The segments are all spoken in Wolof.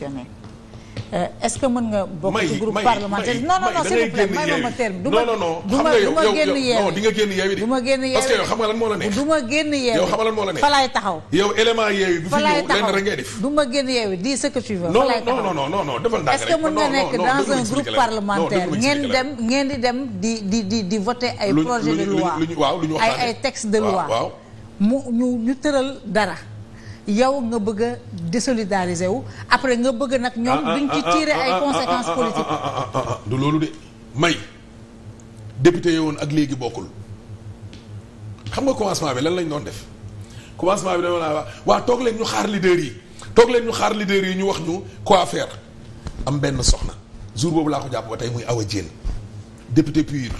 questionner Euh, est-ce que mën nga bokk groupe parlementaire non non non s'il vous ma ma terme du ma du ma génn yeewi di nga génn yeewi du génn yeewi parce que yow xam nga lan la nekk du ma génn yeewi yow xam nga lan la nekk fa laay taxaw yow élément yeewi bu fi ñëw lenn rek ngay def du ma génn yeewi dis ce que tu veux non non est-ce que mën nga nekk dans un groupe parlementaire ngeen dem ngeen di dem di di di di voter ay projet de loi waaw lu ñu ay ay texte de loi mu ñu ñu tëral dara yow nga bëgg a désolidariser wu après nga bëgg nag ñoom ah, ah, duñ ci tirer ay conséquences politiques du loolu de may député yowoon ak léegi bokkul xam nga commencement bi lan lañ doon def commencement bi dama naa wax waa toog leen ñu xaar leader yi toog leen ñu xaar leader yi ñu wax ñu quoi faire am benn soxna jour boobu laa ko jàpp ba tey muy Awa Diène député pur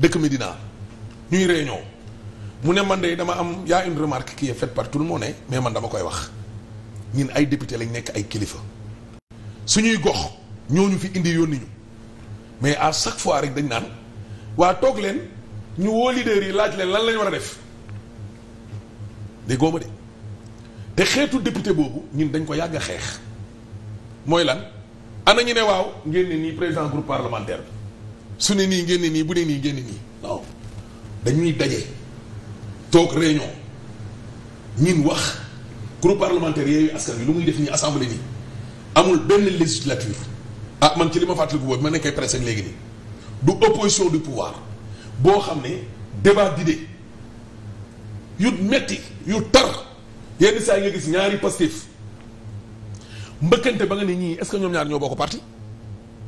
dëkk Médina ñuy réunion mu ne man de dama am yaa a une remarque qui est faite par tout le monde mais man dama koy wax ñun ay député lañ nekk ay kilifa suñuy gox ñu fi indi yónni ñu mais à chaque fois rek dañ naan waa toog leen ñu woo leader yi laaj leen lan lañ war a def déggoo ma de te xeetu député boobu ñun dañ ko yàgg a xeex mooy lan ana ñu ne waaw ngeen ne nii président groupe parlementaire bi su ne nii ngeen nii bu ne nii ngeen nii non dañuy daje. toog réunion ñin wax groupe parlementaire yooyu askan bi lu muy def nii assemblée nii amul benn législature ah man ci li ma fàttaliku boobu ma nekkee presse ak léegi nii du opposition du pouvoir boo xam ne débat de yu metti yu tar yenn saa yi nga gis ñaari Pastef mbëkkante ba nga ne ñii est-ce que ñoom ñaar ñoo bokk parti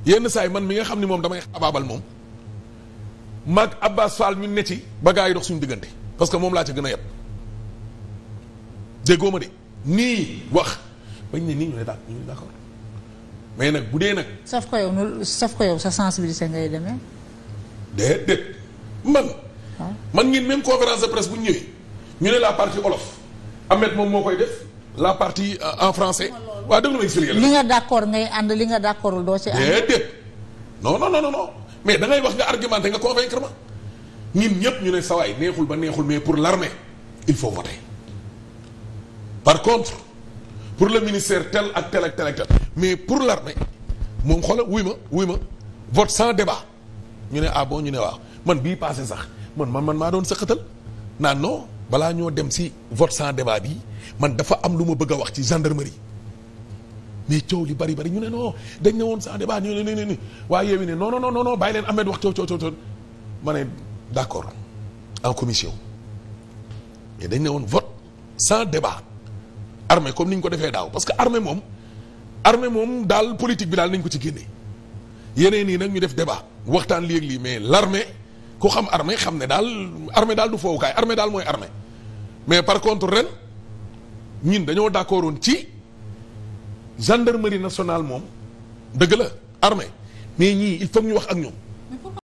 yenn saa yi man mi nga xam ne moom damay xabaabal moom maag Abbas Fall ñu ne ci ba gaa yi dox suñu diggante. parce que moom laa ca gën a yeb déggoo ma de nii wax bañ ne nii ñu ne daal mais nag bu dee nag. saf ko yow nu saf ko yow sa sensibilité ngay demee. déedéet man. Ah. man ngeen même conférence de presse bu ñu ñëwee ñu ne la partie olof Ahmed moom moo koy def la partie euh, en français. waaw déglu ma expliqué li nga d'accord ngay ànd li nga d'accordul doo ci ànd. déedéet non non non non mais da ngay wax nga argumenté nga convaincre ma. ñun ñëpp ñu ne sawaay neexul ba neexul mais pour l'armée il faut voter par contre pour le ministère tel ak tel ak tel mais pour l'armée moom xoolal wuy ma wuy ma vote sans débat ñu ne ah bon ñu ne waaw man bii passé sax man man man maa doon sëqatal naan non balaa ñoo dem si vote sans débat bi man dafa am lu ma bëgg wax ci gendarmerie mais coow li bari bari ñu ne non dañ ne woon sans débat ñu ne nii nii waaye yow ne non non non bàyyi leen Ahmed wax coow coow coow ma ne. d'accord en commission mais dañ ne woon vote sans débat armée comme ni ñu ko defee daaw parce que armée moom armée moom daal politique bi daal nañ ko ci génne yeneen nii nag ñu def débat waxtaan lii ak lii mais l'armée ku xam armée xam ne daal armée daal du foofukaay armée daal mooy armée mais par contre ren ñun dañoo d'accord woon ci gendarmerie nationale moom dëgg la armée mais ñii il faut ñu wax ak ñoom